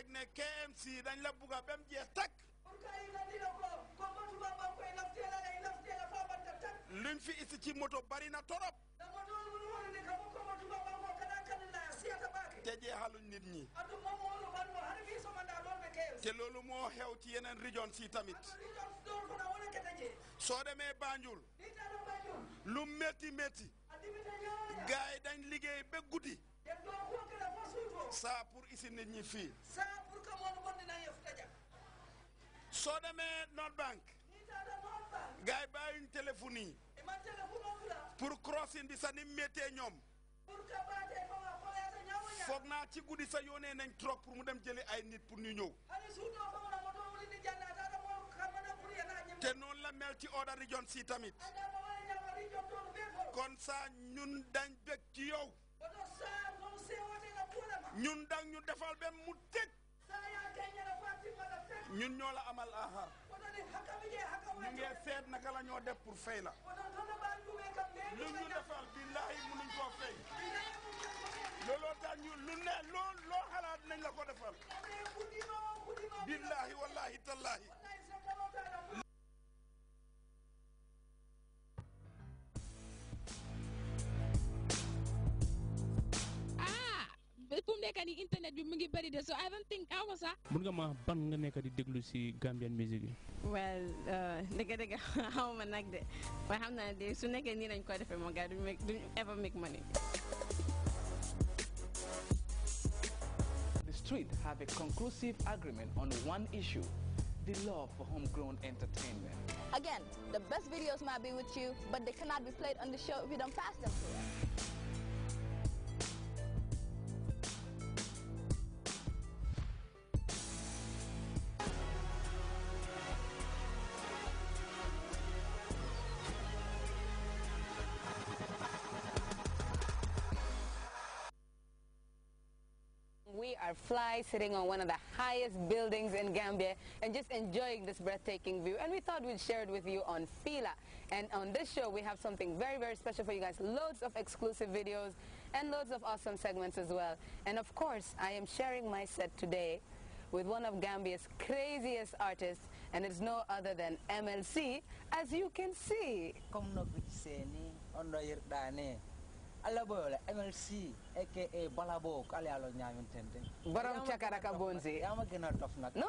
rek ne KMC dañ la bugg a ba mu takk. luñ fi isi ci moto bari na torop. te jeexaluñ nit ñi. te loolu moo xew ci yeneen région si tamit. soo demee Banjul. lum métti métti. gaay dañ liggéey ba guddi saa pour isi nit ñi fii soo demee North Bank gaay yi bàyyiwuñ téléphone yi pour crossing bi sa ni méttee ñoom foog naa ci guddi sa yónnee nañ trop pour mu dem jëli ay nit pour ñu ñëw te noonu la mel ci Order Region si tamit kon saa ñun dañ bég ci yow ñun dañ ñu defal ba mu teg ñun ñoo la amal ahar ñu ngee seet naka la ñoo def pour fay la lu ñu defal billaahi mënuñ koo fay di internet bi mu ngi bëri de so I don't think aw ma sax. mun nga ma ban nga nekk di déglu si Gambian music well dëgg-dëgg uh, xaw ma de waaye xam de su nekkee nii lañ ko defee moom gars duñu make duñu ever make money. The street have a conclusive agreement on one issue, the love for homegrown entertainment. Again, the best videos might be with you, but they cannot be played on the show if you don't pass them to us. Fly sitting on one of the highest buildings in Gambia and just enjoying this breathtaking view. And we thought we'd share it with you on Fila. And on this show, we have something very, very special for you guys. Loads of exclusive videos and loads of awesome segments as well. And of course, I am sharing my set today with one of Gambia's craziest artists, and it's no other than MLC, as you can see alaboyola mlc aka balabo ko ala yalo ñaminten borom chakara ka bonzi yama gëna tof nak no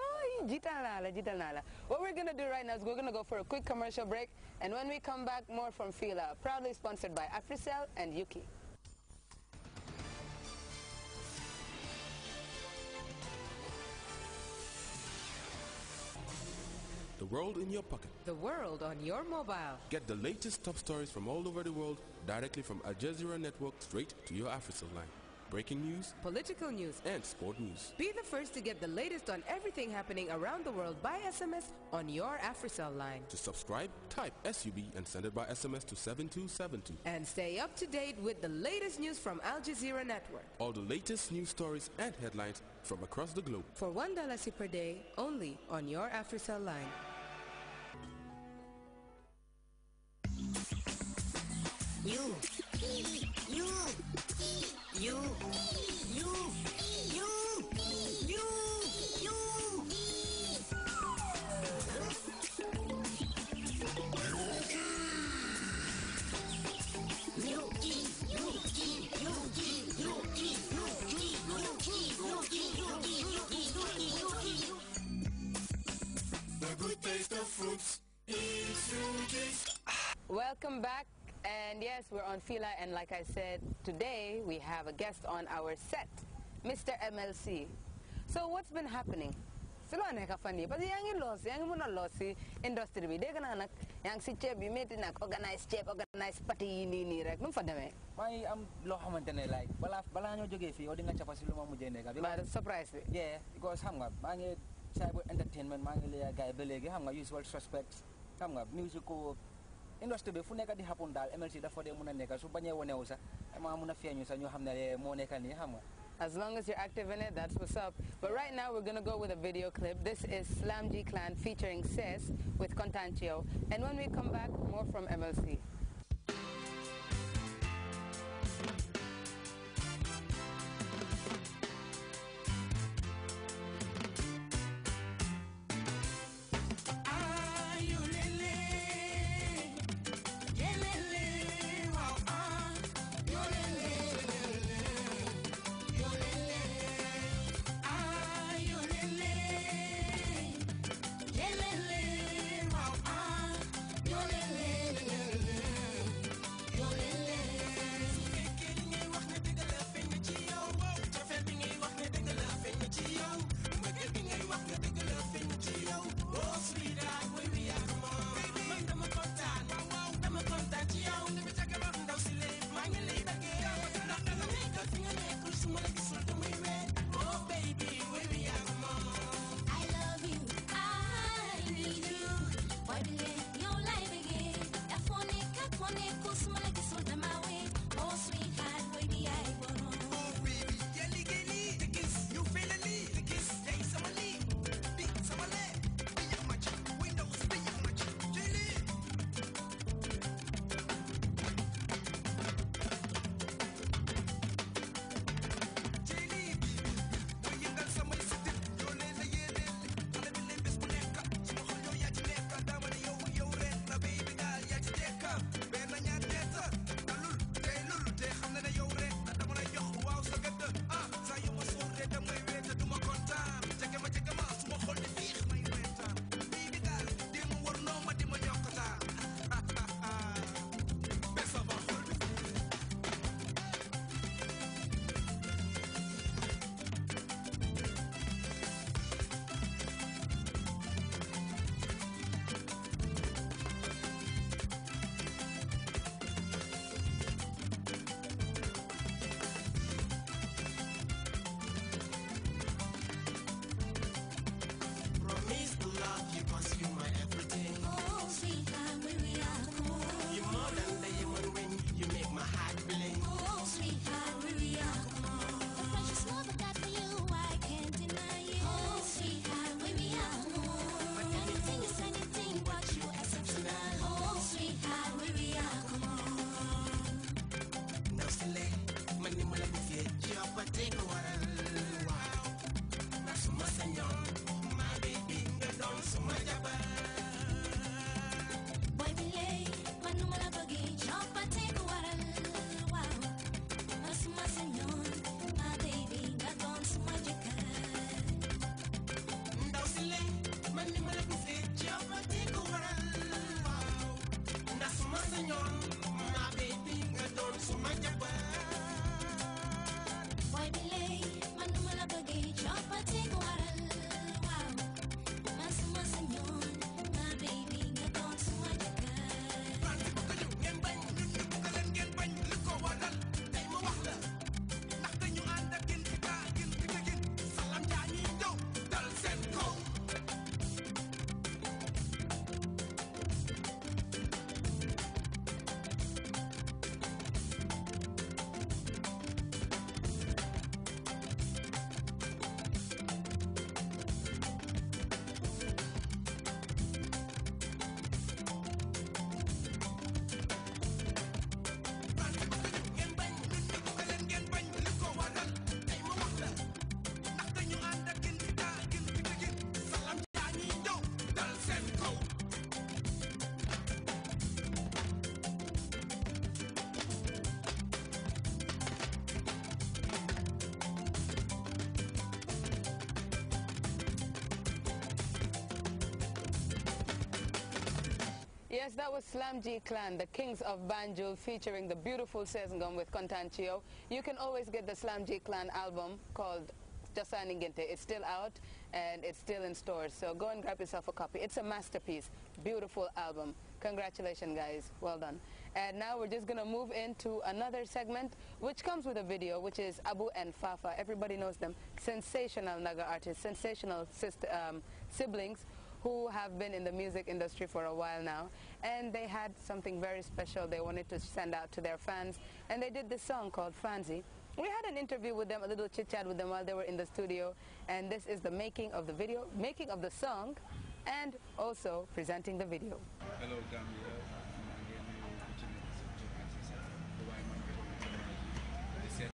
jital na la jital na la what we're gonna do right now is we're gonna go for a quick commercial break and when we come back more from fila proudly sponsored by africell and yuki The world in your pocket. The world on your mobile. Get the latest top stories from all over the world directly from Al Jazeera Network straight to your AfriSil line. Breaking news, political news, and sport news. Be the first to get the latest on everything happening around the world by SMS on your AfriCell line. To subscribe, type SUB and send it by SMS to 7272. And stay up to date with the latest news from Al Jazeera Network. All the latest news stories and headlines from across the globe. For $1 per day, only on your AfriCell line. Ю. Ю. Ю. Ю. Ю. yes, we're on Fila, and like I said, today we have a guest on our set, Mr. MLC. So what's been happening? Silo na kafani, but yang ilos, yang muna losi industry bi. Deka na nak yang si chef bimete nak organize chef organize party ini ni rek. Mung fada me. May am loh man tene like. Bala bala nyo joge fi. Odi nga chapa silo mamu jene ka. But surprise. Yeah, because hamga. nga mangi cyber entertainment mangi le guy belege hamga nga usual suspects. hamga musical fu di MLC su wone wu xam nga. As long as you're active in it, that's what's up. But right now, we're going to go with a video clip. This is Slam G Clan featuring sis with Contantio. And when we come back, more from MLC. Yes, that was Slam G Clan, the Kings of Banjul, featuring the beautiful Sesngom with Contanchio. You can always get the Slam G Clan album called Jasani Gente. It's still out and it's still in stores, so go and grab yourself a copy. It's a masterpiece, beautiful album. Congratulations, guys. Well done. And now we're just going to move into another segment, which comes with a video, which is Abu and Fafa. Everybody knows them. Sensational Naga artists, sensational sister, um, siblings who have been in the music industry for a while now. And they had something very special they wanted to send out to their fans. And they did this song called Fancy. We had an interview with them, a little chit-chat with them while they were in the studio. And this is the making of the video, making of the song, and also presenting the video. Hello, Gambia.